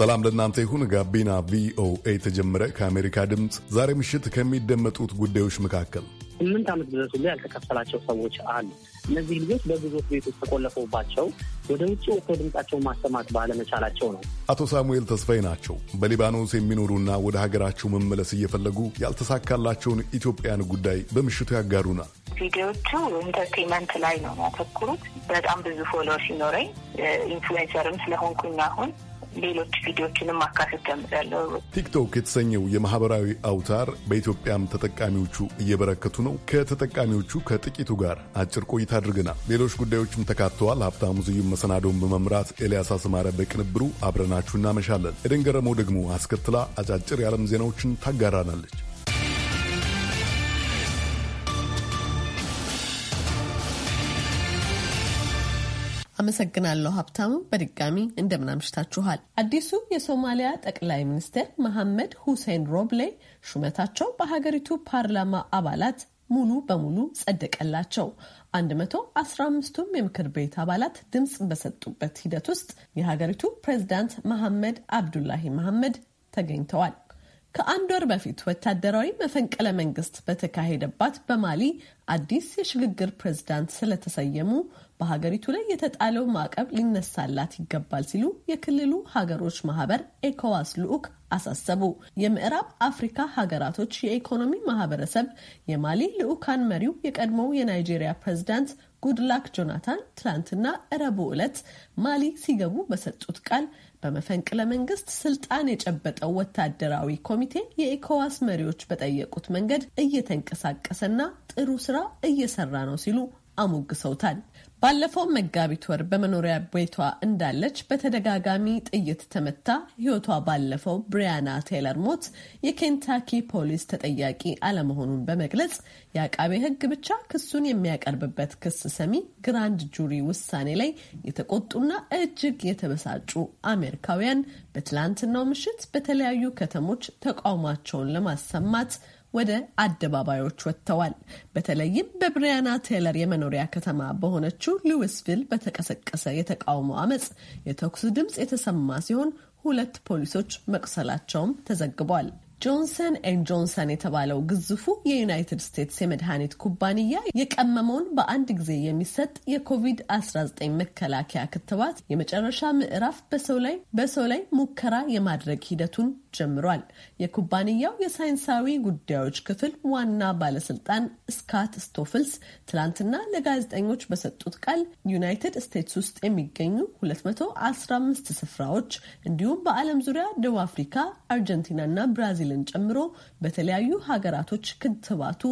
ሰላም ለእናንተ ይሁን። ጋቢና ቪኦኤ ተጀምረ ከአሜሪካ ድምፅ ዛሬ ምሽት ከሚደመጡት ጉዳዮች መካከል ስምንት ዓመት ድረስ ሁሉ ያልተከፈላቸው ሰዎች አሉ። እነዚህ ልጆች በግዞት ቤት ውስጥ ተቆለፈባቸው ወደ ውጭ ወጥቶ ድምጻቸውን ማሰማት ባለመቻላቸው ነው። አቶ ሳሙኤል ተስፋዬ ናቸው። በሊባኖስ የሚኖሩና ወደ ሀገራቸው መመለስ እየፈለጉ ያልተሳካላቸውን ኢትዮጵያን ጉዳይ በምሽቱ ያጋሩናል። ቪዲዮቹ ኢንተርቴንመንት ላይ ነው ያተኩሩት። በጣም ብዙ ፎሎወር ሲኖረኝ ኢንፍሉዌንሰርም ስለሆንኩኝ አሁን ሌሎች ቪዲዮችንም አካትት ያምዛለው። ቲክቶክ የተሰኘው የማህበራዊ አውታር በኢትዮጵያም ተጠቃሚዎቹ እየበረከቱ ነው። ከተጠቃሚዎቹ ከጥቂቱ ጋር አጭር ቆይታ አድርገናል። ሌሎች ጉዳዮችም ተካተዋል። ሀብታሙ ዝዩም መሰናዶውን በመምራት ኤልያስ አስማረ በቅንብሩ አብረናችሁ እናመሻለን። ኤደን ገረመው ደግሞ አስከትላ አጫጭር የዓለም ዜናዎችን ታጋራናለች። አመሰግናለሁ ሀብታሙ። በድጋሚ እንደምናምሽታችኋል። አዲሱ የሶማሊያ ጠቅላይ ሚኒስትር መሐመድ ሁሴን ሮብሌ ሹመታቸው በሀገሪቱ ፓርላማ አባላት ሙሉ በሙሉ ጸደቀላቸው። 115ቱም የምክር ቤት አባላት ድምፅ በሰጡበት ሂደት ውስጥ የሀገሪቱ ፕሬዝዳንት መሐመድ አብዱላሂ መሐመድ ተገኝተዋል። ከአንድ ወር በፊት ወታደራዊ መፈንቅለ መንግስት በተካሄደባት በማሊ አዲስ የሽግግር ፕሬዝዳንት ስለተሰየሙ በሀገሪቱ ላይ የተጣለው ማዕቀብ ሊነሳላት ይገባል ሲሉ የክልሉ ሀገሮች ማህበር ኤኮዋስ ልዑክ አሳሰቡ። የምዕራብ አፍሪካ ሀገራቶች የኢኮኖሚ ማህበረሰብ የማሊ ልዑካን መሪው የቀድሞው የናይጄሪያ ፕሬዝዳንት ጉድላክ ጆናታን ትላንትና እረቡ ዕለት ማሊ ሲገቡ በሰጡት ቃል በመፈንቅለ መንግስት ስልጣን የጨበጠው ወታደራዊ ኮሚቴ የኢኮዋስ መሪዎች በጠየቁት መንገድ እየተንቀሳቀሰና ጥሩ ስራ እየሰራ ነው ሲሉ አሞግሰውታል። ባለፈው መጋቢት ወር በመኖሪያ ቤቷ እንዳለች በተደጋጋሚ ጥይት ተመታ ሕይወቷ ባለፈው ብሪያና ቴይለር ሞት የኬንታኪ ፖሊስ ተጠያቂ አለመሆኑን በመግለጽ የአቃቤ ሕግ ብቻ ክሱን የሚያቀርብበት ክስ ሰሚ ግራንድ ጁሪ ውሳኔ ላይ የተቆጡና እጅግ የተበሳጩ አሜሪካውያን በትላንትናው ምሽት በተለያዩ ከተሞች ተቃውሟቸውን ለማሰማት ወደ አደባባዮች ወጥተዋል። በተለይም በብሪያና ቴለር የመኖሪያ ከተማ በሆነችው ሉዊስቪል በተቀሰቀሰ የተቃውሞ አመፅ የተኩስ ድምፅ የተሰማ ሲሆን ሁለት ፖሊሶች መቁሰላቸውም ተዘግቧል። ጆንሰን ኤን ጆንሰን የተባለው ግዙፉ የዩናይትድ ስቴትስ የመድኃኒት ኩባንያ የቀመመውን በአንድ ጊዜ የሚሰጥ የኮቪድ-19 መከላከያ ክትባት የመጨረሻ ምዕራፍ በሰው ላይ በሰው ላይ ሙከራ የማድረግ ሂደቱን ጀምሯል። የኩባንያው የሳይንሳዊ ጉዳዮች ክፍል ዋና ባለስልጣን ስካት ስቶፍልስ ትላንትና ለጋዜጠኞች በሰጡት ቃል ዩናይትድ ስቴትስ ውስጥ የሚገኙ 215 ስፍራዎች እንዲሁም በዓለም ዙሪያ ደቡብ አፍሪካ፣ አርጀንቲና እና ብራዚልን ጨምሮ በተለያዩ ሀገራቶች ክትባቱ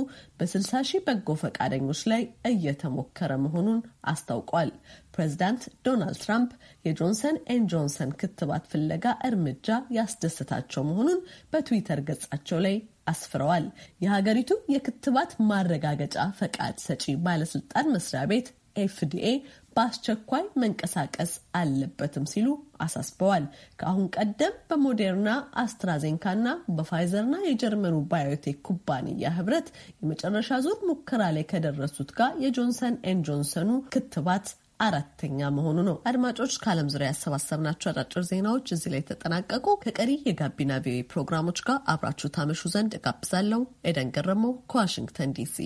በ60 ሺህ በጎ ፈቃደኞች ላይ እየተሞከረ መሆኑን አስታውቋል። ፕሬዚዳንት ዶናልድ ትራምፕ የጆንሰን ኤን ጆንሰን ክትባት ፍለጋ እርምጃ ያስደሰታቸው መሆኑን በትዊተር ገጻቸው ላይ አስፍረዋል። የሀገሪቱ የክትባት ማረጋገጫ ፈቃድ ሰጪ ባለስልጣን መስሪያ ቤት ኤፍዲኤ በአስቸኳይ መንቀሳቀስ አለበትም ሲሉ አሳስበዋል። ከአሁን ቀደም በሞዴርና አስትራዜንካና በፋይዘርና የጀርመኑ ባዮቴክ ኩባንያ ህብረት የመጨረሻ ዙር ሙከራ ላይ ከደረሱት ጋር የጆንሰን ኤን ጆንሰኑ ክትባት አራተኛ መሆኑ ነው። አድማጮች ከዓለም ዙሪያ ያሰባሰብናቸው አጫጭር ዜናዎች እዚህ ላይ ተጠናቀቁ። ከቀሪ የጋቢና ቪኦኤ ፕሮግራሞች ጋር አብራችሁ ታመሹ ዘንድ እጋብዛለሁ። ኤደን ገረመው ከዋሽንግተን ዲሲ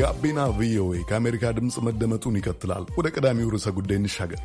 ጋቢና ቪኦኤ ከአሜሪካ ድምፅ መደመጡን ይቀጥላል። ወደ ቀዳሚው ርዕሰ ጉዳይ እንሻገር።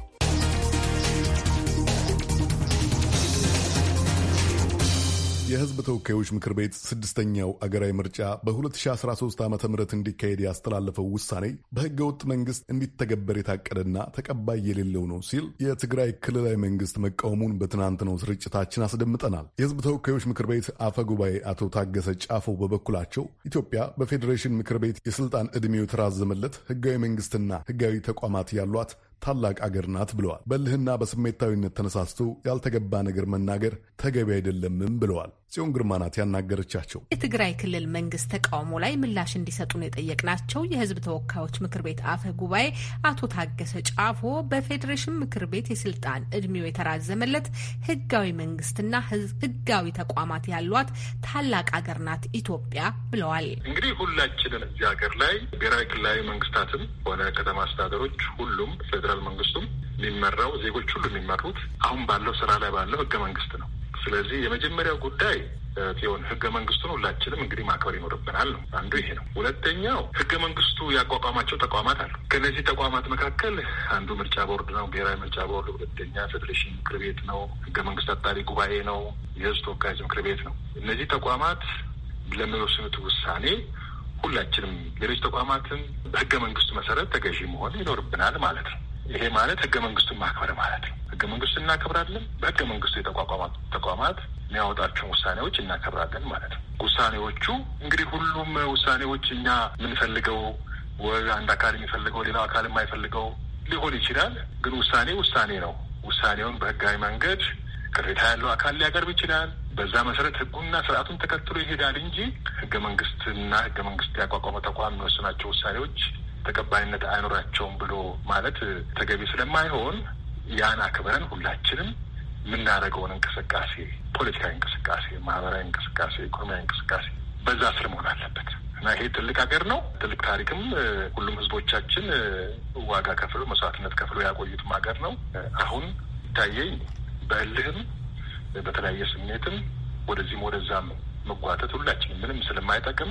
የህዝብ ተወካዮች ምክር ቤት ስድስተኛው አገራዊ ምርጫ በ2013 ዓ ም እንዲካሄድ ያስተላለፈው ውሳኔ በህገ ወጥ መንግስት እንዲተገበር የታቀደና ተቀባይ የሌለው ነው ሲል የትግራይ ክልላዊ መንግስት መቃወሙን በትናንትናው ስርጭታችን አስደምጠናል። የህዝብ ተወካዮች ምክር ቤት አፈ ጉባኤ አቶ ታገሰ ጫፎ በበኩላቸው ኢትዮጵያ በፌዴሬሽን ምክር ቤት የስልጣን ዕድሜው የተራዘመለት ህጋዊ መንግስትና ህጋዊ ተቋማት ያሏት ታላቅ አገር ናት ብለዋል። በልህና በስሜታዊነት ተነሳስቶ ያልተገባ ነገር መናገር ተገቢ አይደለምም ብለዋል። ጽዮን ግርማ ናት ያናገረቻቸው። የትግራይ ክልል መንግስት ተቃውሞ ላይ ምላሽ እንዲሰጡን የጠየቅናቸው የህዝብ ተወካዮች ምክር ቤት አፈ ጉባኤ አቶ ታገሰ ጫፎ በፌዴሬሽን ምክር ቤት የስልጣን እድሜው የተራዘመለት ህጋዊ መንግስትና ህጋዊ ተቋማት ያሏት ታላቅ ሀገር ናት ኢትዮጵያ ብለዋል። እንግዲህ ሁላችንም እዚህ ሀገር ላይ ብሔራዊ ክልላዊ መንግስታትም ሆነ ከተማ አስተዳደሮች፣ ሁሉም ፌዴራል መንግስቱም የሚመራው ዜጎች ሁሉ የሚመሩት አሁን ባለው ስራ ላይ ባለው ህገ መንግስት ነው። ስለዚህ የመጀመሪያው ጉዳይ ሲሆን ህገ መንግስቱን ሁላችንም እንግዲህ ማክበር ይኖርብናል ነው አንዱ ይሄ ነው። ሁለተኛው ህገ መንግስቱ ያቋቋማቸው ተቋማት አሉ። ከእነዚህ ተቋማት መካከል አንዱ ምርጫ ቦርድ ነው፣ ብሔራዊ ምርጫ ቦርድ። ሁለተኛ ፌዴሬሽን ምክር ቤት ነው፣ ህገ መንግስት አጣሪ ጉባኤ ነው፣ የህዝብ ተወካዮች ምክር ቤት ነው። እነዚህ ተቋማት ለሚወስኑት ውሳኔ ሁላችንም ሌሎች ተቋማትን በህገ መንግስቱ መሰረት ተገዢ መሆን ይኖርብናል ማለት ነው። ይሄ ማለት ህገ መንግስቱን ማክበር ማለት ነው። ህገ መንግስቱን እናከብራለን። በህገ መንግስቱ የተቋቋማት ተቋማት የሚያወጣቸውን ውሳኔዎች እናከብራለን ማለት ነው። ውሳኔዎቹ እንግዲህ ሁሉም ውሳኔዎች እኛ የምንፈልገው ወይ አንድ አካል የሚፈልገው ሌላው አካል የማይፈልገው ሊሆን ይችላል። ግን ውሳኔ ውሳኔ ነው። ውሳኔውን በህጋዊ መንገድ ቅሬታ ያለው አካል ሊያቀርብ ይችላል። በዛ መሰረት ህጉና ስርዓቱን ተከትሎ ይሄዳል እንጂ ህገ መንግስትና ህገ መንግስት ያቋቋመ ተቋም የሚወስናቸው ውሳኔዎች ተቀባይነት አይኖራቸውም ብሎ ማለት ተገቢ ስለማይሆን ያን አክብረን ሁላችንም የምናደርገውን እንቅስቃሴ ፖለቲካዊ እንቅስቃሴ፣ ማህበራዊ እንቅስቃሴ፣ ኢኮኖሚያዊ እንቅስቃሴ በዛ ስር መሆን አለበት እና ይሄ ትልቅ ሀገር ነው። ትልቅ ታሪክም ሁሉም ህዝቦቻችን ዋጋ ከፍሎ መስዋዕትነት ከፍሎ ያቆዩትም ሀገር ነው። አሁን ይታየኝ በእልህም በተለያየ ስሜትም ወደዚህም ወደዛም መጓተት ሁላችን ምንም ስለማይጠቅም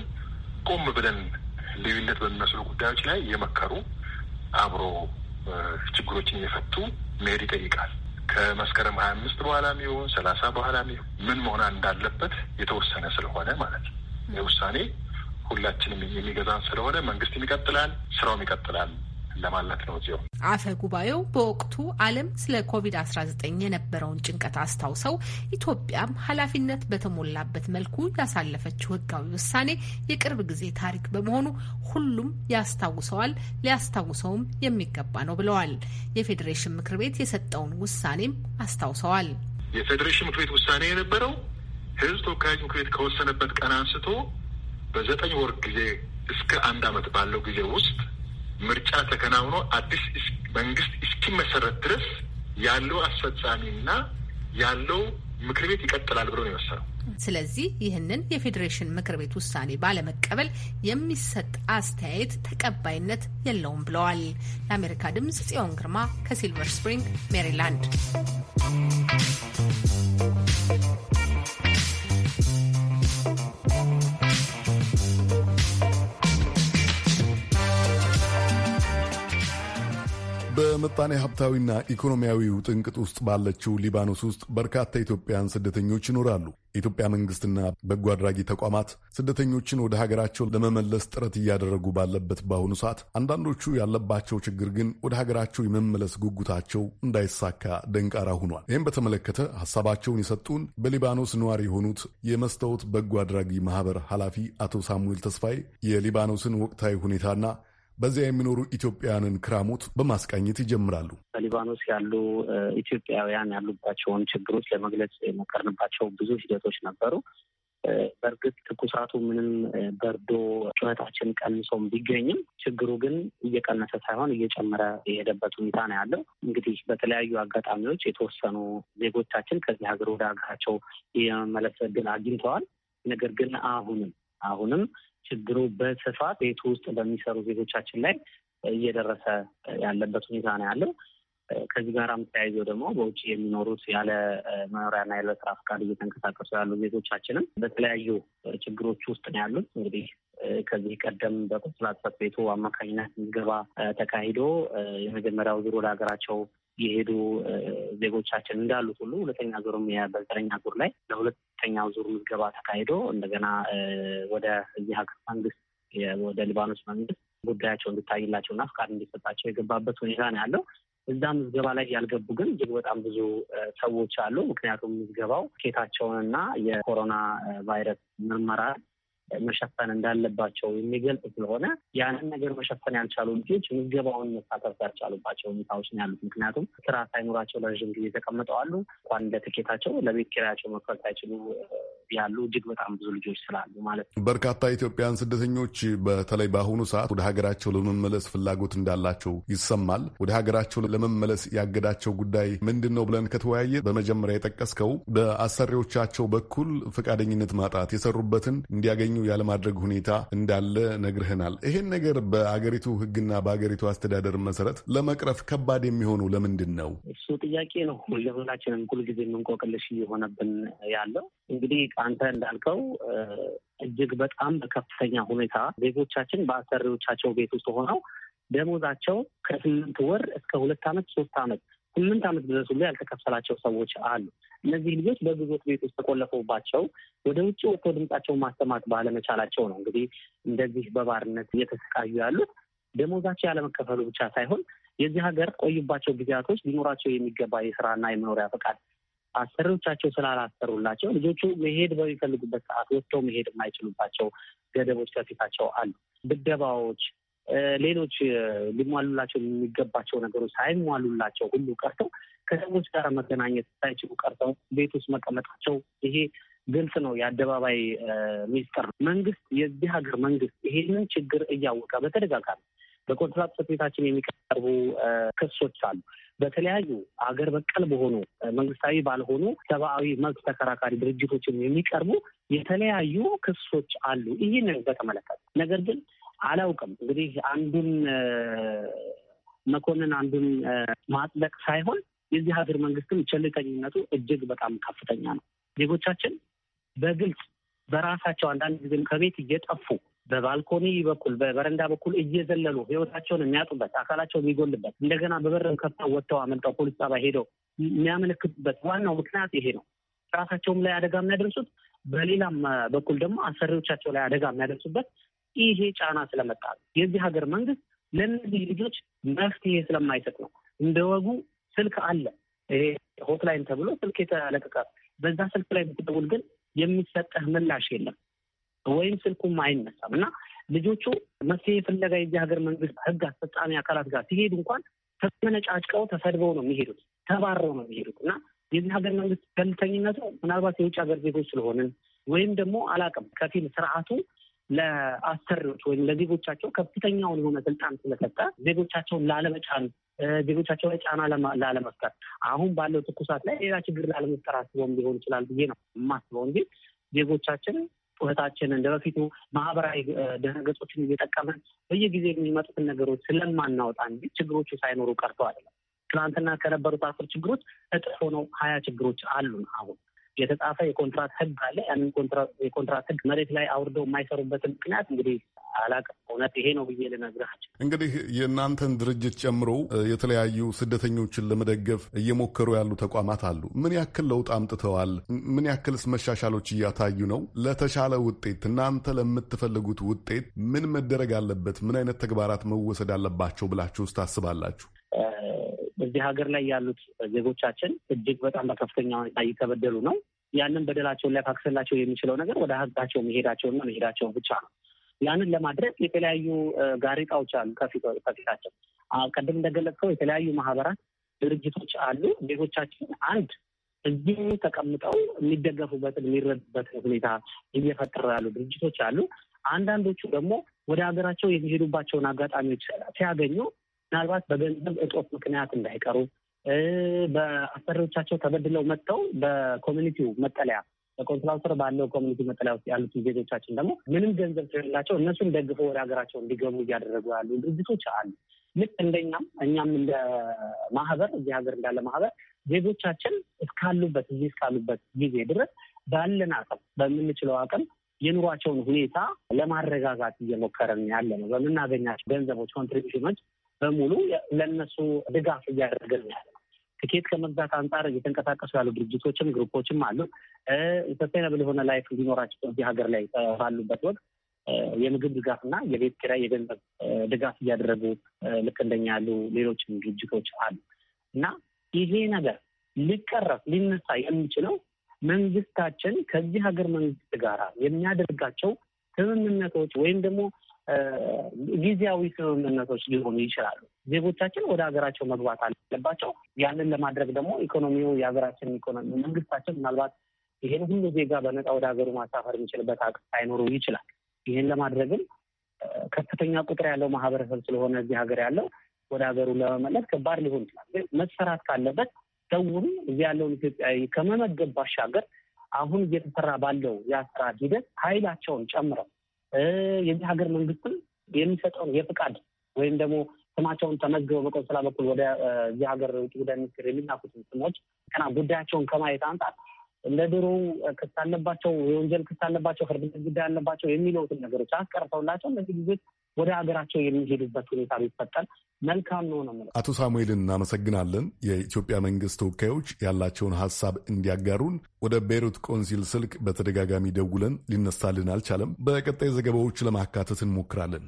ቆም ብለን ልዩነት በሚመስሉ ጉዳዮች ላይ የመከሩ አብሮ ችግሮችን እየፈቱ መሄድ ይጠይቃል። ከመስከረም ሀያ አምስት በኋላ የሚሆን ሰላሳ በኋላ የሚሆን ምን መሆን እንዳለበት የተወሰነ ስለሆነ ማለት ነው። ውሳኔ ሁላችንም የሚገዛን ስለሆነ መንግስትም ይቀጥላል፣ ስራውም ይቀጥላል ለማለት ነው። እዚሁ አፈ ጉባኤው በወቅቱ ዓለም ስለ ኮቪድ-19 የነበረውን ጭንቀት አስታውሰው ኢትዮጵያም ኃላፊነት በተሞላበት መልኩ ያሳለፈችው ህጋዊ ውሳኔ የቅርብ ጊዜ ታሪክ በመሆኑ ሁሉም ያስታውሰዋል፣ ሊያስታውሰውም የሚገባ ነው ብለዋል። የፌዴሬሽን ምክር ቤት የሰጠውን ውሳኔም አስታውሰዋል። የፌዴሬሽን ምክር ቤት ውሳኔ የነበረው ህዝብ ተወካዮች ምክር ቤት ከወሰነበት ቀን አንስቶ በዘጠኝ ወር ጊዜ እስከ አንድ ዓመት ባለው ጊዜ ውስጥ ምርጫ ተከናውኖ አዲስ መንግስት እስኪመሰረት ድረስ ያለው አስፈጻሚና ያለው ምክር ቤት ይቀጥላል ብሎ ነው የወሰነው። ስለዚህ ይህንን የፌዴሬሽን ምክር ቤት ውሳኔ ባለመቀበል የሚሰጥ አስተያየት ተቀባይነት የለውም ብለዋል። ለአሜሪካ ድምፅ ጽዮን ግርማ ከሲልቨር ስፕሪንግ ሜሪላንድ በምጣኔ ሀብታዊና ኢኮኖሚያዊ ውጥንቅጥ ውስጥ ባለችው ሊባኖስ ውስጥ በርካታ ኢትዮጵያን ስደተኞች ይኖራሉ። የኢትዮጵያ መንግስትና በጎ አድራጊ ተቋማት ስደተኞችን ወደ ሀገራቸው ለመመለስ ጥረት እያደረጉ ባለበት በአሁኑ ሰዓት አንዳንዶቹ ያለባቸው ችግር ግን ወደ ሀገራቸው የመመለስ ጉጉታቸው እንዳይሳካ ደንቃራ ሆኗል። ይህም በተመለከተ ሀሳባቸውን የሰጡን በሊባኖስ ነዋሪ የሆኑት የመስታወት በጎ አድራጊ ማህበር ኃላፊ አቶ ሳሙኤል ተስፋዬ የሊባኖስን ወቅታዊ ሁኔታና በዚያ የሚኖሩ ኢትዮጵያውያንን ክራሞት በማስቃኘት ይጀምራሉ። በሊባኖስ ያሉ ኢትዮጵያውያን ያሉባቸውን ችግሮች ለመግለጽ የሞከርንባቸው ብዙ ሂደቶች ነበሩ። በእርግጥ ትኩሳቱ ምንም በርዶ ጩኸታችን ቀንሶም ቢገኝም ችግሩ ግን እየቀነሰ ሳይሆን እየጨመረ የሄደበት ሁኔታ ነው ያለው። እንግዲህ በተለያዩ አጋጣሚዎች የተወሰኑ ዜጎቻችን ከዚህ ሀገር ወደ ሀገራቸው የመመለስ አግኝተዋል። ነገር ግን አሁንም አሁንም ችግሩ በስፋት ቤት ውስጥ በሚሰሩ ዜጎቻችን ላይ እየደረሰ ያለበት ሁኔታ ነው ያለው። ከዚህ ጋር ተያይዞ ደግሞ በውጭ የሚኖሩት ያለ መኖሪያና ያለ ስራ ፍቃድ እየተንቀሳቀሱ ያሉ ዜጎቻችንም በተለያዩ ችግሮች ውስጥ ነው ያሉት። እንግዲህ ከዚህ ቀደም በቆንስላ ጽሕፈት ቤቱ አማካኝነት ምዝገባ ተካሂዶ የመጀመሪያው ዙር ወደ ሀገራቸው የሄዱ ዜጎቻችን እንዳሉት ሁሉ ሁለተኛ ዙርም የዘጠነኛ ዙር ላይ ለሁለተኛው ዙር ምዝገባ ተካሂዶ እንደገና ወደ እዚህ ሀገር መንግስት ወደ ሊባኖስ መንግስት ጉዳያቸው እንዲታይላቸውና ፍቃድ እንዲሰጣቸው የገባበት ሁኔታ ነው ያለው። እዛ ምዝገባ ላይ ያልገቡ ግን እጅግ በጣም ብዙ ሰዎች አሉ። ምክንያቱም ምዝገባው ኬታቸውንና የኮሮና ቫይረስ ምርመራ መሸፈን እንዳለባቸው የሚገልጽ ስለሆነ ያንን ነገር መሸፈን ያልቻሉ ልጆች ምዝገባውን መሳተፍ ያልቻሉባቸው ሁኔታዎች ነው ያሉት። ምክንያቱም ስራ ሳይኖራቸው ለረዥም ጊዜ ተቀምጠዋሉ። እንኳን ለትኬታቸው ለቤት ኪራያቸው መክፈል ሳይችሉ ያሉ እጅግ በጣም ብዙ ልጆች ስላሉ ማለት ነው። በርካታ ኢትዮጵያን ስደተኞች በተለይ በአሁኑ ሰዓት ወደ ሀገራቸው ለመመለስ ፍላጎት እንዳላቸው ይሰማል። ወደ ሀገራቸው ለመመለስ ያገዳቸው ጉዳይ ምንድን ነው ብለን ከተወያየ በመጀመሪያ የጠቀስከው በአሰሪዎቻቸው በኩል ፈቃደኝነት ማጣት የሰሩበትን እንዲያገኙ እንዲያገኙ ያለማድረግ ሁኔታ እንዳለ ነግርህናል። ይሄን ነገር በአገሪቱ ሕግና በአገሪቱ አስተዳደር መሰረት ለመቅረፍ ከባድ የሚሆኑ ለምንድን ነው? እሱ ጥያቄ ነው። ለሁላችንም ሁልጊዜ የምንቆቅልሽ እየሆነብን ያለው እንግዲህ አንተ እንዳልከው እጅግ በጣም በከፍተኛ ሁኔታ ዜጎቻችን በአሰሪዎቻቸው ቤት ውስጥ ሆነው ደሞዛቸው ከስምንት ወር እስከ ሁለት ዓመት ሶስት ዓመት ስምንት ዓመት ድረስ ሁሉ ያልተከፈላቸው ሰዎች አሉ። እነዚህ ልጆች በግዞት ቤት ውስጥ ተቆለፈውባቸው ወደ ውጭ ወጥቶ ድምጻቸውን ማሰማት ባለመቻላቸው ነው እንግዲህ እንደዚህ በባርነት እየተሰቃዩ ያሉት። ደሞዛቸው ያለመከፈሉ ብቻ ሳይሆን የዚህ ሀገር ቆዩባቸው ጊዜያቶች ሊኖራቸው የሚገባ የስራና የመኖሪያ ፈቃድ አሰሪዎቻቸው ስላላሰሩላቸው ልጆቹ መሄድ በሚፈልጉበት ሰዓት ወጥተው መሄድ የማይችሉባቸው ገደቦች ከፊታቸው አሉ። ድብደባዎች፣ ሌሎች ሊሟሉላቸው የሚገባቸው ነገሮች ሳይሟሉላቸው ሁሉ ቀርተው ከሰዎች ጋር መገናኘት ሳይችሉ ቀርተው ቤት ውስጥ መቀመጣቸው ይሄ ግልጽ ነው። የአደባባይ ሚኒስጥር መንግስት የዚህ ሀገር መንግስት ይሄንን ችግር እያወቀ በተደጋጋሚ በኮንትራት ጽሕፈት ቤታችን የሚቀርቡ ክሶች አሉ። በተለያዩ አገር በቀል በሆኑ መንግስታዊ ባልሆኑ ሰብአዊ መብት ተከራካሪ ድርጅቶችም የሚቀርቡ የተለያዩ ክሶች አሉ። ይህንን በተመለከተ ነገር ግን አላውቅም። እንግዲህ አንዱን መኮንን አንዱን ማጥለቅ ሳይሆን የዚህ ሀገር መንግስትም ቸልተኝነቱ እጅግ በጣም ከፍተኛ ነው። ዜጎቻችን በግልጽ በራሳቸው አንዳንድ ጊዜም ከቤት እየጠፉ በባልኮኒ በኩል በበረንዳ በኩል እየዘለሉ ህይወታቸውን የሚያጡበት አካላቸው የሚጎልበት እንደገና በበርን ከፍተው ወጥተው አመልጠው ፖሊስ ጣቢያ ሄደው የሚያመለክቱበት ዋናው ምክንያት ይሄ ነው። ራሳቸውም ላይ አደጋ የሚያደርሱት፣ በሌላም በኩል ደግሞ አሰሪዎቻቸው ላይ አደጋ የሚያደርሱበት ይሄ ጫና ስለመጣ ነው። የዚህ ሀገር መንግስት ለእነዚህ ልጆች መፍትሄ ስለማይሰጥ ነው። ወጉ ስልክ አለ፣ ይሄ ሆትላይን ተብሎ ስልክ የተለቀቀ በዛ ስልክ ላይ ብትደውል ግን የሚሰጠህ ምላሽ የለም ወይም ስልኩም አይነሳም እና ልጆቹ መፍትሄ ፍለጋ የዚህ ሀገር መንግስት ህግ አስፈጻሚ አካላት ጋር ሲሄዱ እንኳን ተመነጫጭቀው ተሰድበው ነው የሚሄዱት፣ ተባረው ነው የሚሄዱት እና የዚህ ሀገር መንግስት ገለልተኝነቱ ምናልባት የውጭ ሀገር ዜጎች ስለሆንን ወይም ደግሞ አላቅም ከፊል ስርዓቱ ለአሰሪዎች ወይም ለዜጎቻቸው ከፍተኛውን የሆነ ስልጣን ስለሰጠ ዜጎቻቸውን ላለመጫን፣ ዜጎቻቸው ላይ ጫና ላለመፍጠር፣ አሁን ባለው ትኩሳት ላይ ሌላ ችግር ላለመፍጠር አስበውም ሊሆን ይችላል ብዬ ነው የማስበው እንጂ ዜጎቻችን ጩኸታችን እንደ በፊቱ ማህበራዊ ድረገጾችን እየጠቀመን በየጊዜ የሚመጡትን ነገሮች ስለማናወጣ እንጂ ችግሮቹ ሳይኖሩ ቀርተው አይደለም። ትናንትና ከነበሩት አስር ችግሮች እጥፍ ሆነው ሀያ ችግሮች አሉን አሁን የተጻፈ የኮንትራት ህግ አለ። ያንን የኮንትራት ህግ መሬት ላይ አውርደው የማይሰሩበትን ምክንያት እንግዲህ አላውቅም። እውነት ይሄ ነው ብዬ ልነግራቸው። እንግዲህ የእናንተን ድርጅት ጨምሮ የተለያዩ ስደተኞችን ለመደገፍ እየሞከሩ ያሉ ተቋማት አሉ። ምን ያክል ለውጥ አምጥተዋል? ምን ያክልስ መሻሻሎች እያታዩ ነው? ለተሻለ ውጤት እናንተ ለምትፈልጉት ውጤት ምን መደረግ አለበት? ምን አይነት ተግባራት መወሰድ አለባቸው ብላችሁ ውስጥ ታስባላችሁ? እዚህ ሀገር ላይ ያሉት ዜጎቻችን እጅግ በጣም በከፍተኛ ሁኔታ እየተበደሉ ነው። ያንን በደላቸውን ሊያካክስላቸው የሚችለው ነገር ወደ ህጋቸው መሄዳቸውና መሄዳቸው ብቻ ነው። ያንን ለማድረግ የተለያዩ ጋሬጣዎች አሉ ከፊታቸው። ቀደም እንደገለጽከው የተለያዩ ማህበራት፣ ድርጅቶች አሉ። ዜጎቻችን አንድ እዚህ ተቀምጠው የሚደገፉበትን የሚረዱበትን ሁኔታ እየፈጠሩ ያሉ ድርጅቶች አሉ። አንዳንዶቹ ደግሞ ወደ ሀገራቸው የሚሄዱባቸውን አጋጣሚዎች ሲያገኙ ምናልባት በገንዘብ እጦት ምክንያት እንዳይቀሩ በአሰሪዎቻቸው ተበድለው መጥተው በኮሚኒቲው መጠለያ በኮንስላው ስር ባለው ኮሚኒቲ መጠለያ ውስጥ ያሉትን ዜጎቻችን ደግሞ ምንም ገንዘብ ስለሌላቸው እነሱን ደግፎ ወደ ሀገራቸው እንዲገቡ እያደረጉ ያሉ ድርጅቶች አሉ። ልክ እንደኛም እኛም እንደ ማህበር እዚህ ሀገር እንዳለ ማህበር ዜጎቻችን እስካሉበት እዚህ እስካሉበት ጊዜ ድረስ ባለን አቅም በምንችለው አቅም የኑሯቸውን ሁኔታ ለማረጋጋት እየሞከረን ያለ ነው። በምናገኛቸው ገንዘቦች ኮንትሪቢሽኖች በሙሉ ለእነሱ ድጋፍ እያደረገ ነው ያለ። ትኬት ከመግዛት አንጻር እየተንቀሳቀሱ ያሉ ድርጅቶችም ግሩፖችም አሉ። ሰስቴናብል የሆነ ላይፍ እንዲኖራቸው እዚህ ሀገር ላይ ባሉበት ወቅት የምግብ ድጋፍና የቤት ኪራይ የገንዘብ ድጋፍ እያደረጉ ልክ እንደኛ ያሉ ሌሎችም ድርጅቶች አሉ እና ይሄ ነገር ሊቀረፍ ሊነሳ የሚችለው መንግስታችን ከዚህ ሀገር መንግስት ጋር የሚያደርጋቸው ስምምነቶች ወይም ደግሞ ጊዜያዊ ስምምነቶች ሊሆኑ ይችላሉ። ዜጎቻችን ወደ ሀገራቸው መግባት አለባቸው። ያንን ለማድረግ ደግሞ ኢኮኖሚው የሀገራችን ኢኮኖሚ መንግስታችን ምናልባት ይሄን ሁሉ ዜጋ በነፃ ወደ ሀገሩ ማሳፈር የሚችልበት አቅም አይኖረው ይችላል። ይህን ለማድረግም ከፍተኛ ቁጥር ያለው ማህበረሰብ ስለሆነ እዚህ ሀገር ያለው ወደ ሀገሩ ለመመለስ ከባድ ሊሆን ይችላል። ግን መሰራት ካለበት ደውሩ እዚህ ያለውን ኢትዮጵያዊ ከመመገብ ባሻገር አሁን እየተሰራ ባለው የአሰራር ሂደት ኃይላቸውን ጨምረው የዚህ ሀገር መንግስትም የሚሰጠውን የፍቃድ ወይም ደግሞ ስማቸውን ተመዝግበው በቆንስላ በኩል ወደ እዚህ ሀገር ውጭ ጉዳይ ሚኒስትር የሚላኩትን ስሞች ቀና ጉዳያቸውን ከማየት አንጻር እንደ ድሮ ክስ አለባቸው፣ የወንጀል ክስ አለባቸው፣ ፍርድ ቤት ጉዳይ አለባቸው የሚለውትን ነገሮች አስቀርተውላቸው እነዚህ ጊዜ ወደ ሀገራቸው የሚሄዱበት ሁኔታ ቢፈጠር መልካም ነው ነው አቶ ሳሙኤልን እናመሰግናለን። የኢትዮጵያ መንግስት ተወካዮች ያላቸውን ሀሳብ እንዲያጋሩን ወደ ቤይሩት ቆንሲል ስልክ በተደጋጋሚ ደውለን ሊነሳልን አልቻለም። በቀጣይ ዘገባዎች ለማካተት እንሞክራለን።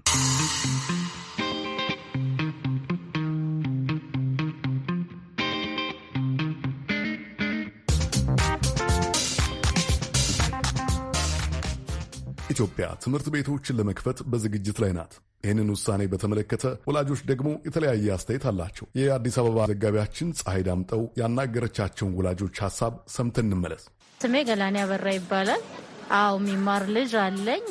ኢትዮጵያ ትምህርት ቤቶችን ለመክፈት በዝግጅት ላይ ናት። ይህንን ውሳኔ በተመለከተ ወላጆች ደግሞ የተለያየ አስተያየት አላቸው። የአዲስ አበባ ዘጋቢያችን ፀሐይ ዳምጠው ያናገረቻቸውን ወላጆች ሀሳብ ሰምተን እንመለስ። ስሜ ገላኔ አበራ ይባላል። አው የሚማር ልጅ አለኝ።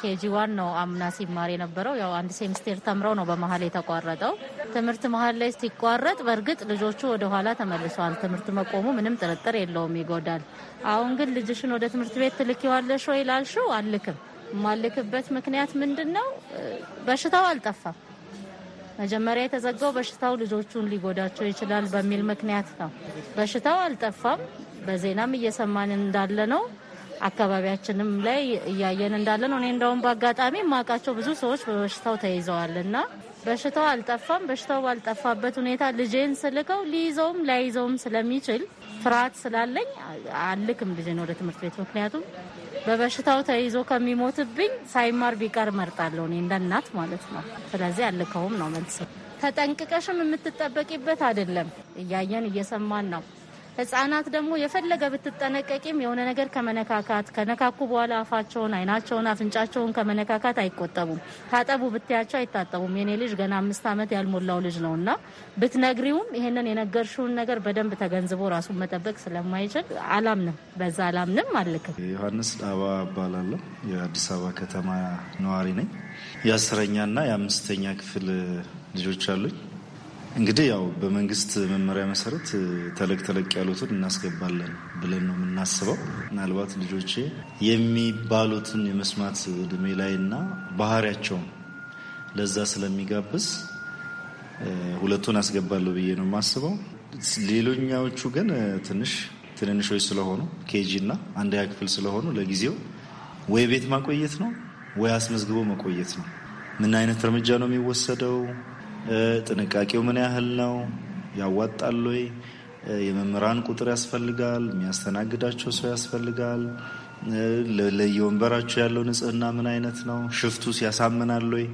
ኬጂ ዋን ነው አምና ሲማር የነበረው። ያው አንድ ሴምስቴር ተምረው ነው በመሀል የተቋረጠው ትምህርት። መሀል ላይ ሲቋረጥ በእርግጥ ልጆቹ ወደኋላ ተመልሰዋል። ትምህርት መቆሙ ምንም ጥርጥር የለውም ይጎዳል። አሁን ግን ልጅሽን ወደ ትምህርት ቤት ትልኪዋለሽ ወይ ላልሽው አልክም። የማልክበት ምክንያት ምንድን ነው? በሽታው አልጠፋም። መጀመሪያ የተዘጋው በሽታው ልጆቹን ሊጎዳቸው ይችላል በሚል ምክንያት ነው። በሽታው አልጠፋም። በዜናም እየሰማን እንዳለ ነው አካባቢያችንም ላይ እያየን እንዳለ ነው። እኔ እንደውም በአጋጣሚ የማውቃቸው ብዙ ሰዎች በበሽታው ተይዘዋል እና በሽታው አልጠፋም። በሽታው ባልጠፋበት ሁኔታ ልጄን ስልከው ሊይዘውም ላይይዘውም ስለሚችል ፍርሃት ስላለኝ አልክም ልጄን ወደ ትምህርት ቤት ምክንያቱም በበሽታው ተይዞ ከሚሞትብኝ ሳይማር ቢቀር መርጣለሁ፣ እኔ እንደ እናት ማለት ነው። ስለዚህ አልከውም ነው መልስ። ተጠንቅቀሽም የምትጠበቂበት አይደለም። እያየን እየሰማን ነው። ህጻናት ደግሞ የፈለገ ብትጠነቀቂም የሆነ ነገር ከመነካካት ከነካኩ በኋላ አፋቸውን፣ አይናቸውን፣ አፍንጫቸውን ከመነካካት አይቆጠቡም። ታጠቡ ብትያቸው አይታጠቡም። የኔ ልጅ ገና አምስት ዓመት ያልሞላው ልጅ ነው እና ብትነግሪውም ይሄንን የነገርሽውን ነገር በደንብ ተገንዝቦ ራሱን መጠበቅ ስለማይችል አላምንም፣ በዛ አላምንም አልክም። ዮሐንስ ዳባ እባላለሁ። የአዲስ አበባ ከተማ ነዋሪ ነኝ። የአስረኛና የአምስተኛ ክፍል ልጆች አሉኝ። እንግዲህ ያው በመንግስት መመሪያ መሰረት ተለቅ ተለቅ ያሉትን እናስገባለን ብለን ነው የምናስበው። ምናልባት ልጆቼ የሚባሉትን የመስማት እድሜ ላይ እና ባህሪያቸውም ለዛ ስለሚጋብዝ ሁለቱን አስገባለሁ ብዬ ነው የማስበው። ሌሎኛዎቹ ግን ትንሽ ትንንሾች ስለሆኑ ኬጂ እና አንደኛ ክፍል ስለሆኑ ለጊዜው ወይ ቤት ማቆየት ነው ወይ አስመዝግቦ መቆየት ነው። ምን አይነት እርምጃ ነው የሚወሰደው ጥንቃቄው ምን ያህል ነው? ያዋጣል ወይ? የመምህራን ቁጥር ያስፈልጋል። የሚያስተናግዳቸው ሰው ያስፈልጋል። ለየወንበራቸው ያለው ንጽህና ምን አይነት ነው? ሽፍቱስ ያሳምናል ወይ?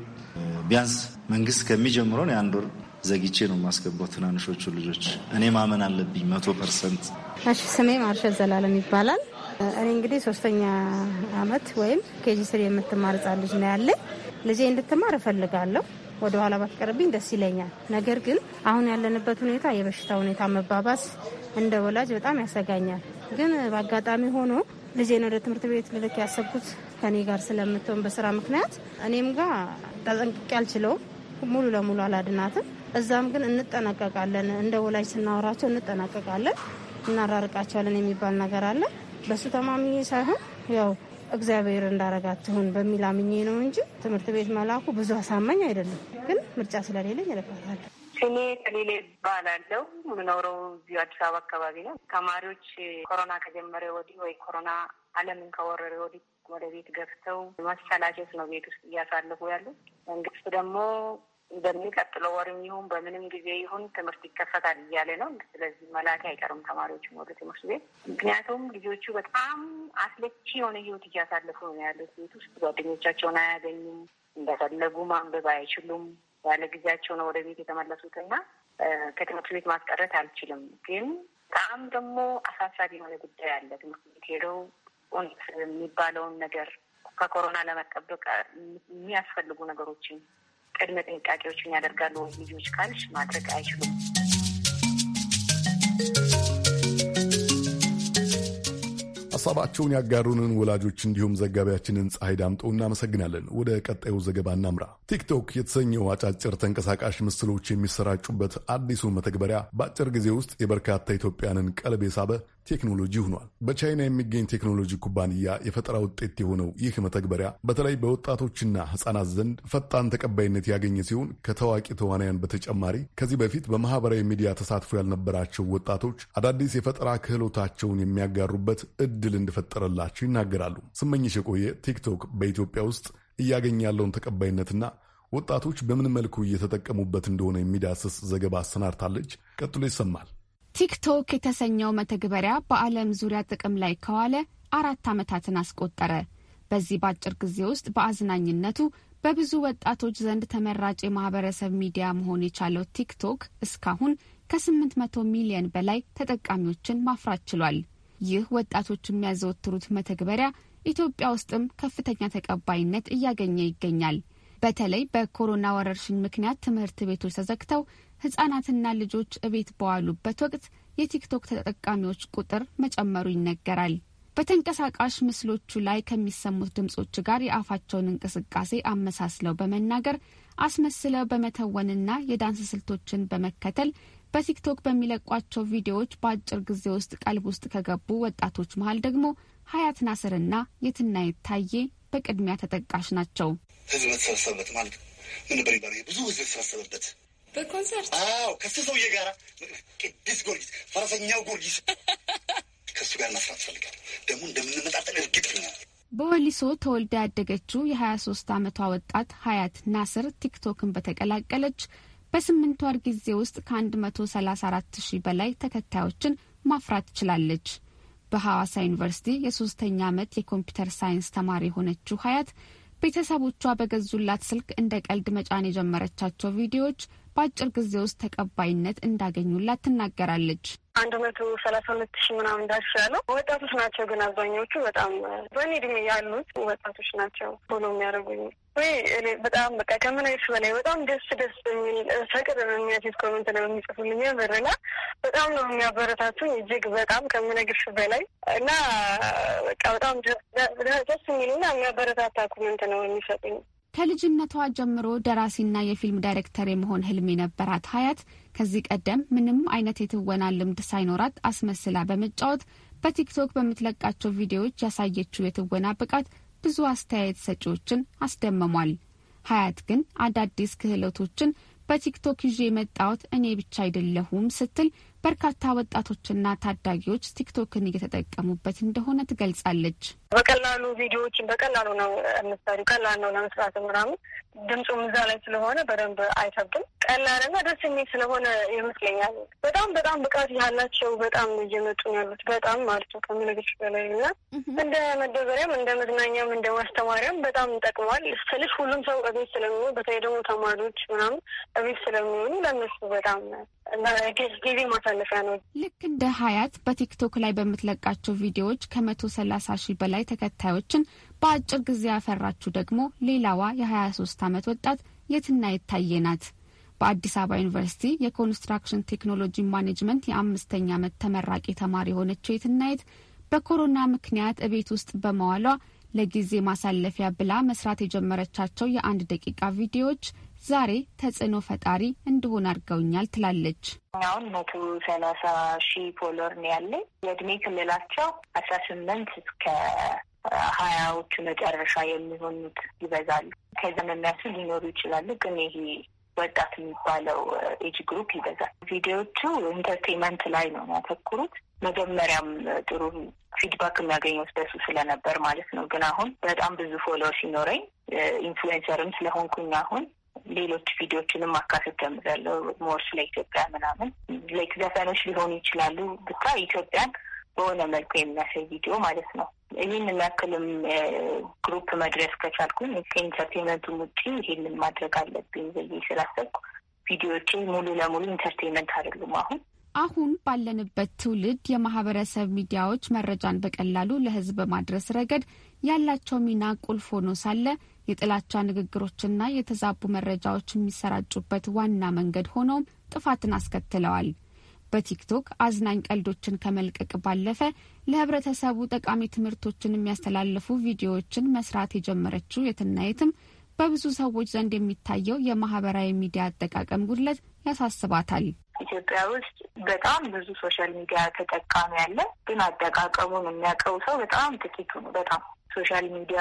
ቢያንስ መንግስት ከሚጀምረው የአንድ ወር ዘግቼ ነው የማስገባው ትናንሾቹ ልጆች። እኔ ማመን አለብኝ መቶ ፐርሰንት። እሺ፣ ስሜ ማርሸት ዘላለም ይባላል። እኔ እንግዲህ ሶስተኛ አመት ወይም ኬጂ ስሪ የምትማር ልጅ ነው ያለኝ። ልጄ እንድትማር እፈልጋለሁ ወደ ኋላ ባትቀርብኝ ደስ ይለኛል። ነገር ግን አሁን ያለንበት ሁኔታ የበሽታ ሁኔታ መባባስ እንደ ወላጅ በጣም ያሰጋኛል። ግን በአጋጣሚ ሆኖ ልጄን ወደ ትምህርት ቤት ልልክ ያሰብኩት ከኔ ጋር ስለምትሆን በስራ ምክንያት እኔም ጋር ተጠንቅቄ አልችለውም። ሙሉ ለሙሉ አላድናትም። እዛም ግን እንጠናቀቃለን፣ እንደ ወላጅ ስናወራቸው እንጠናቀቃለን፣ እናራርቃቸዋለን የሚባል ነገር አለ። በሱ ተማሚ ሳይሆን ያው እግዚአብሔር እንዳረጋትሁን በሚል አምኜ ነው እንጂ ትምህርት ቤት መላኩ ብዙ አሳማኝ አይደለም። ግን ምርጫ ስለሌለኝ እለፋታለሁ። እኔ ከሌላ ይባላለሁ። የምኖረው እዚሁ አዲስ አበባ አካባቢ ነው። ተማሪዎች ኮሮና ከጀመረ ወዲህ ወይ ኮሮና ዓለምን ከወረረ ወዲህ ወደ ቤት ገብተው መሰላቸት ነው ቤት ውስጥ እያሳለፉ ያሉ። መንግስት ደግሞ በሚቀጥለው ወርም ይሁን በምንም ጊዜ ይሁን ትምህርት ይከፈታል እያለ ነው። ስለዚህ መላክ አይቀርም ተማሪዎችም ወደ ትምህርት ቤት። ምክንያቱም ልጆቹ በጣም አስለቺ የሆነ ህይወት እያሳለፉ ነው ያሉት። ቤት ውስጥ ጓደኞቻቸውን አያገኙም፣ እንደፈለጉ ማንበብ አይችሉም። ያለ ጊዜያቸው ነው ወደ ቤት የተመለሱት እና ከትምህርት ቤት ማስቀረት አልችልም። ግን በጣም ደግሞ አሳሳቢ የሆነ ጉዳይ አለ። ትምህርት ቤት ሄደው የሚባለውን ነገር ከኮሮና ለመጠበቅ የሚያስፈልጉ ነገሮችን ቅድመ ጥንቃቄዎችን ያደርጋሉ ልጆች ካልሽ ማድረግ አይችሉም። ሀሳባቸውን ያጋሩንን ወላጆች እንዲሁም ዘጋቢያችንን ፀሐይ ዳምጦ እናመሰግናለን። ወደ ቀጣዩ ዘገባ እናምራ። ቲክቶክ የተሰኘው አጫጭር ተንቀሳቃሽ ምስሎች የሚሰራጩበት አዲሱ መተግበሪያ በአጭር ጊዜ ውስጥ የበርካታ ኢትዮጵያንን ቀልብ የሳበ ቴክኖሎጂ ሆኗል። በቻይና የሚገኝ ቴክኖሎጂ ኩባንያ የፈጠራ ውጤት የሆነው ይህ መተግበሪያ በተለይ በወጣቶችና ሕጻናት ዘንድ ፈጣን ተቀባይነት ያገኘ ሲሆን ከታዋቂ ተዋናያን በተጨማሪ ከዚህ በፊት በማህበራዊ ሚዲያ ተሳትፎ ያልነበራቸው ወጣቶች አዳዲስ የፈጠራ ክህሎታቸውን የሚያጋሩበት እድል እንደፈጠረላቸው ይናገራሉ። ስመኝሽ የቆየ ቲክቶክ በኢትዮጵያ ውስጥ እያገኘ ያለውን ተቀባይነትና ወጣቶች በምን መልኩ እየተጠቀሙበት እንደሆነ የሚዳስስ ዘገባ አሰናድታለች። ቀጥሎ ይሰማል። ቲክቶክ የተሰኘው መተግበሪያ በዓለም ዙሪያ ጥቅም ላይ ከዋለ አራት ዓመታትን አስቆጠረ። በዚህ በአጭር ጊዜ ውስጥ በአዝናኝነቱ በብዙ ወጣቶች ዘንድ ተመራጭ የማህበረሰብ ሚዲያ መሆን የቻለው ቲክቶክ እስካሁን ከ800 ሚሊዮን በላይ ተጠቃሚዎችን ማፍራት ችሏል። ይህ ወጣቶች የሚያዘወትሩት መተግበሪያ ኢትዮጵያ ውስጥም ከፍተኛ ተቀባይነት እያገኘ ይገኛል። በተለይ በኮሮና ወረርሽኝ ምክንያት ትምህርት ቤቶች ተዘግተው ህጻናትና ልጆች እቤት በዋሉበት ወቅት የቲክቶክ ተጠቃሚዎች ቁጥር መጨመሩ ይነገራል። በተንቀሳቃሽ ምስሎቹ ላይ ከሚሰሙት ድምጾች ጋር የአፋቸውን እንቅስቃሴ አመሳስለው በመናገር አስመስለው በመተወንና የዳንስ ስልቶችን በመከተል በቲክቶክ በሚለቋቸው ቪዲዮዎች በአጭር ጊዜ ውስጥ ቀልብ ውስጥ ከገቡ ወጣቶች መሀል ደግሞ ሀያት ናስርና የትና የታዬ በቅድሚያ ተጠቃሽ ናቸው። ህዝብ በተሰበሰበበት ማለት ምን ነበር ብዙ ህዝብ በተሰበሰበበት በኮንሰርት አዎ፣ ከሱ ሰውዬ ጋራ ቅዱስ ጊዮርጊስ ፈረሰኛው ጊዮርጊስ ከሱ ጋር መስራት ፈልጋል። ደግሞ እንደምንመጣጠን እርግጠኛ በወሊሶ ተወልዳ ያደገችው የ23 ዓመቷ ወጣት ሀያት ናስር ቲክቶክን በተቀላቀለች በስምንት ወር ጊዜ ውስጥ ከ134 ሺህ በላይ ተከታዮችን ማፍራት ችላለች። በሐዋሳ ዩኒቨርሲቲ የሶስተኛ ዓመት የኮምፒውተር ሳይንስ ተማሪ የሆነችው ሀያት ቤተሰቦቿ በገዙላት ስልክ እንደ ቀልድ መጫን የጀመረቻቸው ቪዲዮዎች በአጭር ጊዜ ውስጥ ተቀባይነት እንዳገኙላት ትናገራለች። አንድ መቶ ሰላሳ ሁለት ሺህ ምናምን ዳሽ ያለው ወጣቶች ናቸው። ግን አብዛኞቹ በጣም በእኔ እድሜ ያሉት ወጣቶች ናቸው ሆኖ የሚያደርጉኝ ወይ እኔ በጣም በቃ ከምነግርሽ በላይ በጣም ደስ ደስ የሚል ፍቅር የሚያስይዝ ኮሜንት ነው የሚጽፉልኝ ብርና በጣም ነው የሚያበረታቱኝ እጅግ በጣም ከምነግርሽ በላይ እና በቃ በጣም ደስ የሚልና የሚያበረታታ ኮሜንት ነው የሚሰጡኝ። ከልጅነቷ ጀምሮ ደራሲና የፊልም ዳይሬክተር የመሆን ህልም የነበራት ሀያት ከዚህ ቀደም ምንም አይነት የትወና ልምድ ሳይኖራት አስመስላ በመጫወት በቲክቶክ በምትለቃቸው ቪዲዮዎች ያሳየችው የትወና ብቃት ብዙ አስተያየት ሰጪዎችን አስደምሟል። ሀያት ግን አዳዲስ ክህሎቶችን በቲክቶክ ይዤ የመጣሁት እኔ ብቻ አይደለሁም ስትል በርካታ ወጣቶችና ታዳጊዎች ቲክቶክን እየተጠቀሙበት እንደሆነ ትገልጻለች። በቀላሉ ቪዲዮዎችን በቀላሉ ነው የምታዩ፣ ቀላል ነው ለመስራት ምናምን። ድምፁም እዛ ላይ ስለሆነ በደንብ አይከብድም። ቀላልና ደስ የሚል ስለሆነ ይመስለኛል። በጣም በጣም ብቃት ያላቸው በጣም እየመጡ ያሉት በጣም ማለት ነው ከምነግርሽ በላይ እና እንደ መደበሪያም እንደ መዝናኛም እንደ ማስተማሪያም በጣም ይጠቅመዋል ስልሽ ሁሉም ሰው እቤት ስለሚሆኑ በተለይ ደግሞ ተማሪዎች ምናምን እቤት ስለሚሆኑ ለነሱ በጣም ጊዜ ማሳ ማሳለፊያ ነው። ልክ እንደ ሀያት በቲክቶክ ላይ በምትለቃቸው ቪዲዮዎች ከመቶ ሰላሳ ሺህ በላይ ተከታዮችን በአጭር ጊዜ ያፈራችሁ ደግሞ ሌላዋ የሀያ ሶስት አመት ወጣት የትና የታየ ናት። በአዲስ አበባ ዩኒቨርሲቲ የኮንስትራክሽን ቴክኖሎጂ ማኔጅመንት የአምስተኛ ዓመት ተመራቂ ተማሪ የሆነችው የትናየት በኮሮና ምክንያት እቤት ውስጥ በመዋሏ ለጊዜ ማሳለፊያ ብላ መስራት የጀመረቻቸው የአንድ ደቂቃ ቪዲዮዎች ዛሬ ተጽዕኖ ፈጣሪ እንድሆን አድርገውኛል ትላለች። አሁን መቶ ሰላሳ ሺህ ፎሎወር ነው ያለኝ። የእድሜ ክልላቸው አስራ ስምንት እስከ ሀያዎቹ መጨረሻ የሚሆኑት ይበዛሉ። ከዚም መሚያሱ ሊኖሩ ይችላሉ፣ ግን ይሄ ወጣት የሚባለው ኤጅ ግሩፕ ይበዛል። ቪዲዮዎቹ ኢንተርቴንመንት ላይ ነው ያተኩሩት። መጀመሪያም ጥሩ ፊድባክ የሚያገኘው በሱ ስለነበር ማለት ነው። ግን አሁን በጣም ብዙ ፎሎወር ሲኖረኝ ኢንፍሉዌንሰርም ስለሆንኩኝ አሁን ሌሎች ቪዲዮችንም ማካተት ጀምሬያለሁ። ሞር ስለ ኢትዮጵያ ምናምን ላይክ ዘፈኖች ሊሆኑ ይችላሉ። ብቻ ኢትዮጵያን በሆነ መልኩ የሚያሳይ ቪዲዮ ማለት ነው። ይህን ያክልም ግሩፕ መድረስ ከቻልኩኝ ከኢንተርቴንመንቱም ውጭ ይህንን ማድረግ አለብኝ ብዬ ስላሰብኩ ቪዲዮዎቼ ሙሉ ለሙሉ ኢንተርቴንመንት አይደሉም አሁን አሁን ባለንበት ትውልድ የማህበረሰብ ሚዲያዎች መረጃን በቀላሉ ለሕዝብ በማድረስ ረገድ ያላቸው ሚና ቁልፍ ሆኖ ሳለ የጥላቻ ንግግሮችና የተዛቡ መረጃዎች የሚሰራጩበት ዋና መንገድ ሆነውም ጥፋትን አስከትለዋል። በቲክቶክ አዝናኝ ቀልዶችን ከመልቀቅ ባለፈ ለህብረተሰቡ ጠቃሚ ትምህርቶችን የሚያስተላልፉ ቪዲዮዎችን መስራት የጀመረችው የትናየትም በብዙ ሰዎች ዘንድ የሚታየው የማህበራዊ ሚዲያ አጠቃቀም ጉድለት ያሳስባታል። ኢትዮጵያ ውስጥ በጣም ብዙ ሶሻል ሚዲያ ተጠቃሚ ያለ፣ ግን አጠቃቀሙን የሚያውቀው ሰው በጣም ጥቂቱ ነው። በጣም ሶሻል ሚዲያ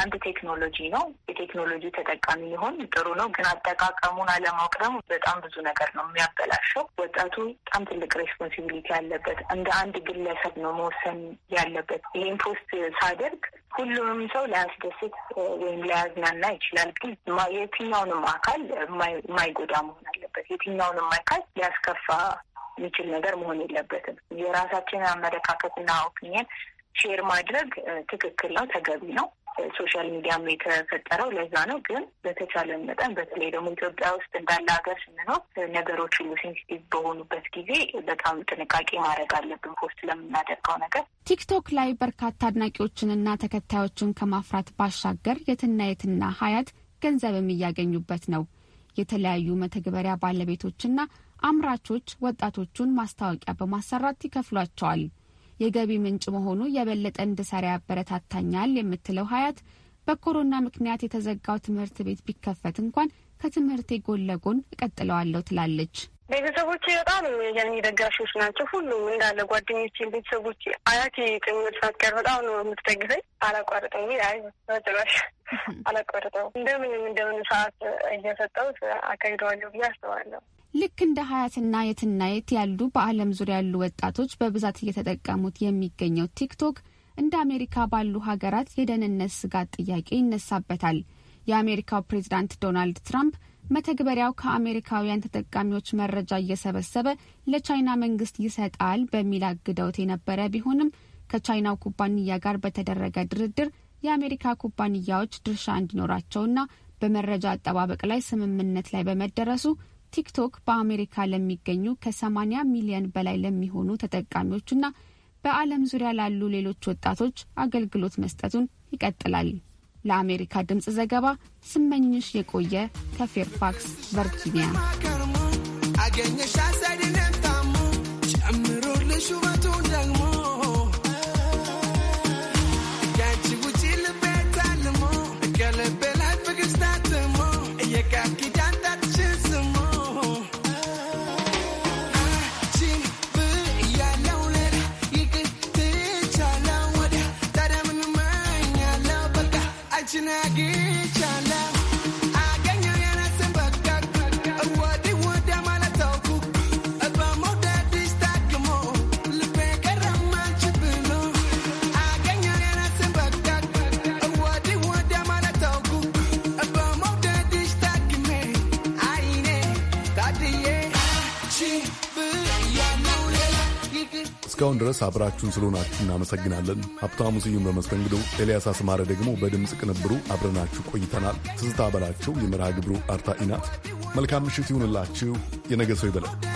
አንድ ቴክኖሎጂ ነው። የቴክኖሎጂ ተጠቃሚ ሊሆን ጥሩ ነው፣ ግን አጠቃቀሙን አለማወቅ ደግሞ በጣም ብዙ ነገር ነው የሚያበላሸው። ወጣቱ በጣም ትልቅ ሬስፖንሲቢሊቲ ያለበት እንደ አንድ ግለሰብ ነው መወሰን ያለበት። ይህን ፖስት ሳደርግ ሁሉንም ሰው ላያስደስት ወይም ላያዝናና ይችላል፣ ግን የትኛውንም አካል የማይጎዳ መሆን አለበት። የትኛውንም አካል ሊያስከፋ የሚችል ነገር መሆን የለበትም። የራሳችንን አመለካከትና ኦፒኒየን ሼር ማድረግ ትክክል ነው፣ ተገቢ ነው። ሶሻል ሚዲያም የተፈጠረው ለዛ ነው። ግን በተቻለ መጠን በተለይ ደግሞ ኢትዮጵያ ውስጥ እንዳለ ሀገር ስንኖር ነገሮች ሁሉ ሴንሲቲቭ በሆኑበት ጊዜ በጣም ጥንቃቄ ማድረግ አለብን ፖስት ለምናደርገው ነገር። ቲክቶክ ላይ በርካታ አድናቂዎችንና ተከታዮችን ከማፍራት ባሻገር የትና የትና ሀያት ገንዘብም እያገኙበት ነው። የተለያዩ መተግበሪያ ባለቤቶችና አምራቾች ወጣቶቹን ማስታወቂያ በማሰራት ይከፍሏቸዋል። የገቢ ምንጭ መሆኑ የበለጠ እንድሰራ ያበረታታኛል የምትለው ሀያት በኮሮና ምክንያት የተዘጋው ትምህርት ቤት ቢከፈት እንኳን ከትምህርቴ ጎን ለጎን እቀጥለዋለሁ ትላለች። ቤተሰቦች በጣም የኔ ደጋፊዎች ናቸው። ሁሉም እንዳለ ጓደኞቼ፣ ቤተሰቦች፣ አያቴ ጭምር ሳትቀር በጣም ነው የምትደግፈኝ። አላቋርጠው አይ በጭራሽ አላቋርጠው። እንደምንም እንደምን ሰዓት እየሰጠሁት አካሂደዋለሁ ብዬ አስባለሁ። ልክ እንደ ሀያትና የትናየት ያሉ በዓለም ዙሪያ ያሉ ወጣቶች በብዛት እየተጠቀሙት የሚገኘው ቲክቶክ እንደ አሜሪካ ባሉ ሀገራት የደህንነት ስጋት ጥያቄ ይነሳበታል። የአሜሪካው ፕሬዚዳንት ዶናልድ ትራምፕ መተግበሪያው ከአሜሪካውያን ተጠቃሚዎች መረጃ እየሰበሰበ ለቻይና መንግስት ይሰጣል በሚል አግደውት የነበረ ቢሆንም ከቻይናው ኩባንያ ጋር በተደረገ ድርድር የአሜሪካ ኩባንያዎች ድርሻ እንዲኖራቸውና በመረጃ አጠባበቅ ላይ ስምምነት ላይ በመደረሱ ቲክቶክ በአሜሪካ ለሚገኙ ከ80 ሚሊዮን በላይ ለሚሆኑ ተጠቃሚዎችና በዓለም ዙሪያ ላሉ ሌሎች ወጣቶች አገልግሎት መስጠቱን ይቀጥላል። ለአሜሪካ ድምፅ ዘገባ ስመኝሽ የቆየ ከፌርፋክስ ቨርጂኒያ። I get እስካሁን ድረስ አብራችሁን ስለሆናችሁ እናመሰግናለን። ሀብታሙ ስዩም በመስተንግዶ፣ ኤልያስ አስማረ ደግሞ በድምፅ ቅንብሩ አብረናችሁ ቆይተናል። ትዝታ በላቸው የመርሃ ግብሩ አርታኢ ናት። መልካም ምሽት ይሁንላችሁ። የነገ ሰው ይበላል።